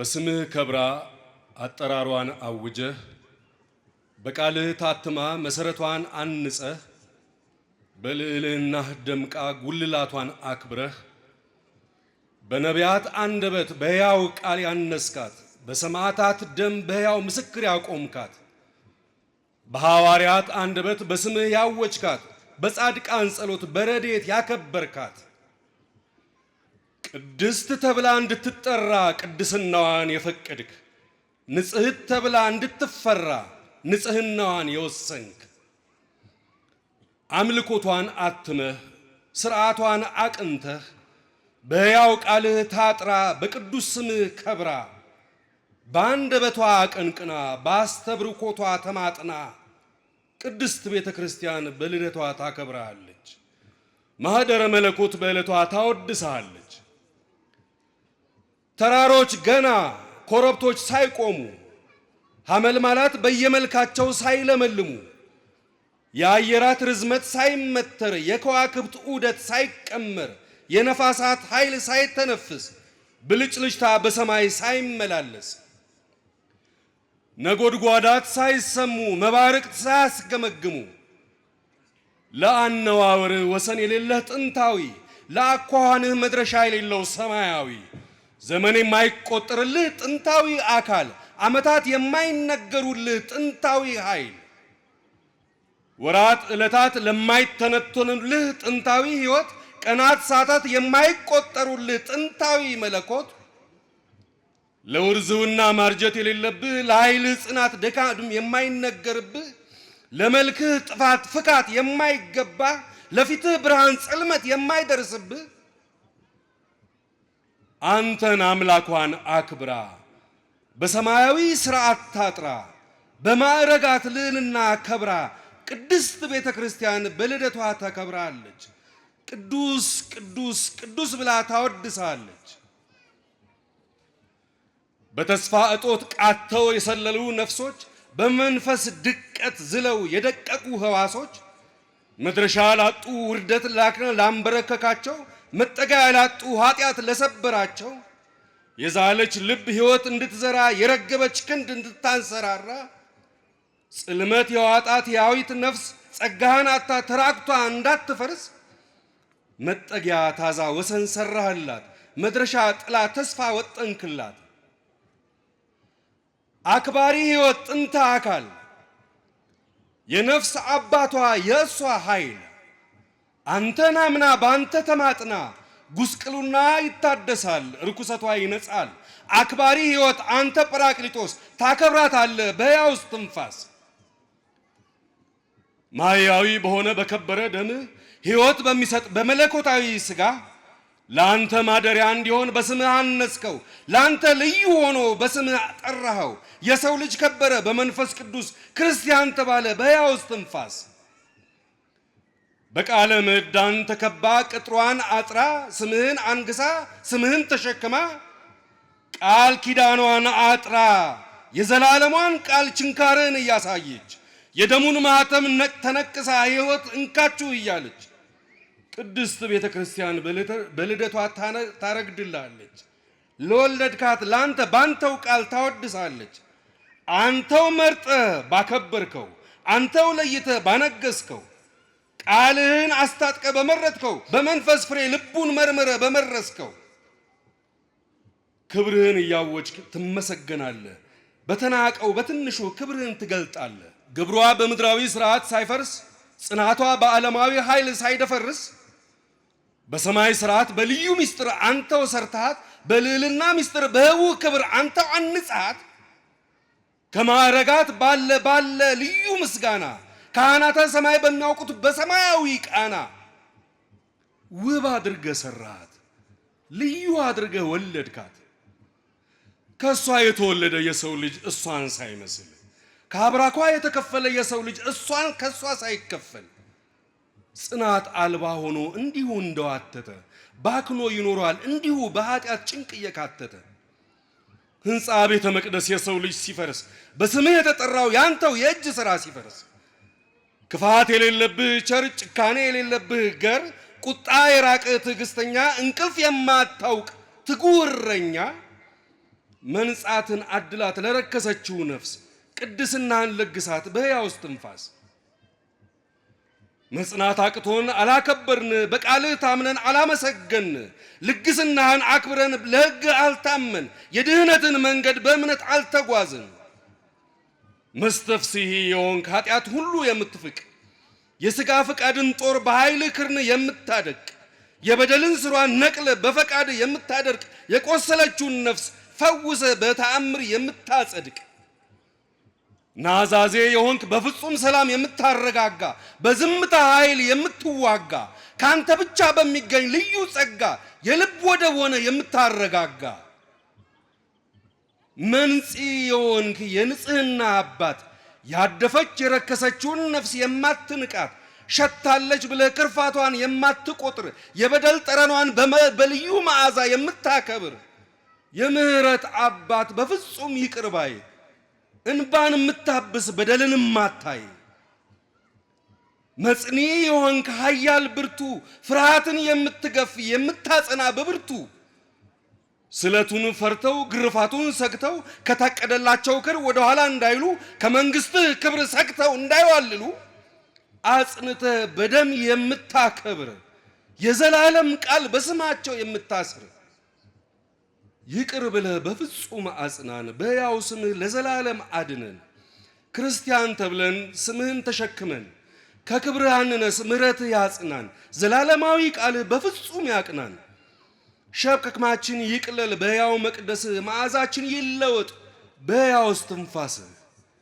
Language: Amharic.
በስምህ ከብራ አጠራሯን አውጀህ በቃልህ ታትማ መሠረቷን አንጸህ በልዕልናህ ደምቃ ጉልላቷን አክብረህ በነቢያት አንደበት በሕያው ቃል ያነስካት በሰማዕታት ደም በሕያው ምስክር ያቆምካት በሐዋርያት አንደበት በስምህ ያወጅካት በጻድቃን ጸሎት በረድኤት ያከበርካት ቅድስት ተብላ እንድትጠራ ቅድስናዋን የፈቀድክ፣ ንጽሕት ተብላ እንድትፈራ ንጽሕናዋን የወሰንክ፣ አምልኮቷን አትመህ ሥርዓቷን አቅንተህ በሕያው ቃልህ ታጥራ በቅዱስ ስምህ ከብራ በአንደበቷ አቀንቅና በአስተብርኮቷ ተማጥና ቅድስት ቤተ ክርስቲያን በልደቷ ታከብራለች። ማኅደረ መለኮት በዕለቷ ታወድሳለች። ተራሮች ገና ኮረብቶች ሳይቆሙ ሐመልማላት በየመልካቸው ሳይለመልሙ የአየራት ርዝመት ሳይመተር የከዋክብት ዑደት ሳይቀመር የነፋሳት ኃይል ሳይተነፍስ ብልጭልጭታ በሰማይ ሳይመላለስ ነጎድጓዳት ሳይሰሙ መባርቅት ሳያስገመግሙ ለአነዋወር ወሰን የሌለህ ጥንታዊ ለአኳኋንህ መድረሻ የሌለው ሰማያዊ ዘመን የማይቆጠርልህ ጥንታዊ አካል፣ ዓመታት የማይነገሩልህ ጥንታዊ ኃይል፣ ወራት ዕለታት ለማይተነተኑልህ ጥንታዊ ሕይወት፣ ቀናት ሰዓታት የማይቆጠሩልህ ጥንታዊ መለኮት፣ ለውርዝውና ማርጀት የሌለብህ ለኃይልህ ጽናት ድካም የማይነገርብህ ለመልክህ ጥፋት ፍካት የማይገባ ለፊትህ ብርሃን ጽልመት የማይደርስብህ አንተን አምላኳን አክብራ፣ በሰማያዊ ሥርዓት ታጥራ፣ በማዕረጋት ልዕልና ከብራ ቅድስት ቤተ ክርስቲያን በልደቷ ተከብራለች። ቅዱስ ቅዱስ ቅዱስ ብላ ታወድሳለች። በተስፋ እጦት ቃተው የሰለሉ ነፍሶች፣ በመንፈስ ድቀት ዝለው የደቀቁ ሕዋሶች መድረሻ ላጡ ውርደት ላክነ ላንበረከካቸው መጠጊያ ያላጡ ኃጢአት ለሰበራቸው የዛለች ልብ ሕይወት እንድትዘራ የረገበች ክንድ እንድታንሰራራ ጽልመት የዋጣት የአዊት ነፍስ ጸጋህን አታ ተራቅቷ እንዳትፈርስ መጠጊያ ታዛ ወሰን ሰራህላት፣ መድረሻ ጥላ ተስፋ ወጠንክላት። አክባሪ ሕይወት ጥንተ አካል የነፍስ አባቷ የእሷ ኃይል አንተን አምና በአንተ ተማጥና ጉስቅሉና ይታደሳል፣ ርኩሰቷ ይነጻል። አክባሪ ሕይወት አንተ ጰራቅሊጦስ ታከብራታለህ በሕያው ትንፋስ ማያዊ በሆነ በከበረ ደም ሕይወት በሚሰጥ በመለኮታዊ ሥጋ ለአንተ ማደሪያ እንዲሆን በስምህ አነስከው፣ ለአንተ ልዩ ሆኖ በስምህ አጠራኸው። የሰው ልጅ ከበረ፣ በመንፈስ ቅዱስ ክርስቲያን ተባለ በሕያው ትንፋስ በቃለ ምዕዳን ተከባ ቅጥሯን አጥራ ስምህን አንግሳ ስምህን ተሸክማ ቃል ኪዳኗን አጥራ የዘላለሟን ቃል ችንካርን እያሳየች የደሙን ማኅተም ተነቅሳ ሕይወት እንካችሁ እያለች ቅድስት ቤተ ክርስቲያን በልደቷ ታረግድላለች። ለወለድካት ለአንተ ባንተው ቃል ታወድሳለች። አንተው መርጠ ባከበርከው፣ አንተው ለይተ ባነገስከው ቃልህን አስታጥቀ በመረጥከው በመንፈስ ፍሬ ልቡን መርምረ በመረስከው ክብርህን እያወጭ ትመሰገናለህ። በተናቀው በትንሹ ክብርህን ትገልጣለህ። ግብሯ በምድራዊ ስርዓት ሳይፈርስ ጽናቷ በዓለማዊ ኃይል ሳይደፈርስ በሰማይ ስርዓት በልዩ ምስጢር አንተው ሰርተሃት በልዕልና ምስጢር በህቡዕ ክብር አንተው አንጽሃት ከማዕረጋት ባለ ባለ ልዩ ምስጋና ካህናተ ሰማይ በሚያውቁት በሰማያዊ ቃና ውብ አድርገ ሰራሃት፣ ልዩ አድርገ ወለድካት። ከእሷ የተወለደ የሰው ልጅ እሷን ሳይመስል ከአብራኳ የተከፈለ የሰው ልጅ እሷን ከእሷ ሳይከፈል ጽናት አልባ ሆኖ እንዲሁ እንደዋተተ ባክኖ ይኖረዋል። እንዲሁ በኃጢአት ጭንቅ እየካተተ ሕንፃ ቤተ መቅደስ የሰው ልጅ ሲፈርስ በስምህ የተጠራው ያንተው የእጅ ሥራ ሲፈርስ ክፋት የሌለብህ ቸር፣ ጭካኔ የሌለብህ ገር፣ ቁጣ የራቀ ትዕግስተኛ፣ እንቅልፍ የማታውቅ ትጉረኛ መንጻትን አድላት ለረከሰችው ነፍስ፣ ቅድስናህን ለግሳት በሕያው እስትንፋስ። መጽናት አቅቶን አላከበርን፣ በቃልህ ታምነን አላመሰገን፣ ልግስናህን አክብረን ለሕግ አልታመን፣ የድህነትን መንገድ በእምነት አልተጓዝን። መስተፍሥሒ የሆንክ ኃጢአት ሁሉ የምትፍቅ የሥጋ ፈቃድን ጦር በኃይል ክርን የምታደቅ የበደልን ስሯን ነቅለ በፈቃድ የምታደርቅ የቆሰለችውን ነፍስ ፈውሰ በተአምር የምታጸድቅ ናዛዜ የሆንክ በፍጹም ሰላም የምታረጋጋ በዝምታ ኃይል የምትዋጋ ከአንተ ብቻ በሚገኝ ልዩ ጸጋ የልብ ወደብ ሆነ የምታረጋጋ መንጽ የሆንክ የንጽህና አባት ያደፈች የረከሰችውን ነፍስ የማትንቃት ሸታለች ብለህ ክርፋቷን የማትቆጥር የበደል ጠረኗን በልዩ መዓዛ የምታከብር የምህረት አባት በፍጹም ይቅር ባይ እንባን የምታብስ በደልን ማታይ መጽኒ የሆንክ ኃያል ብርቱ ፍርሃትን የምትገፍ የምታጸና በብርቱ ስለቱን ፈርተው ግርፋቱን ሰግተው ከታቀደላቸው ክር ወደ ኋላ እንዳይሉ ከመንግስትህ ክብር ሰግተው እንዳይዋልሉ አጽንተ በደም የምታከብር የዘላለም ቃል በስማቸው የምታስር ይቅር ብለህ በፍጹም አጽናን፣ በሕያው ስምህ ለዘላለም አድነን። ክርስቲያን ተብለን ስምህን ተሸክመን ከክብርህ አንነስ፣ ምሕረትህ ያጽናን፣ ዘላለማዊ ቃልህ በፍጹም ያቅናን። ሸብከክማችን ይቅለል፣ በሕያው መቅደስ መዓዛችን ይለወጥ በሕያው እስትንፋስህ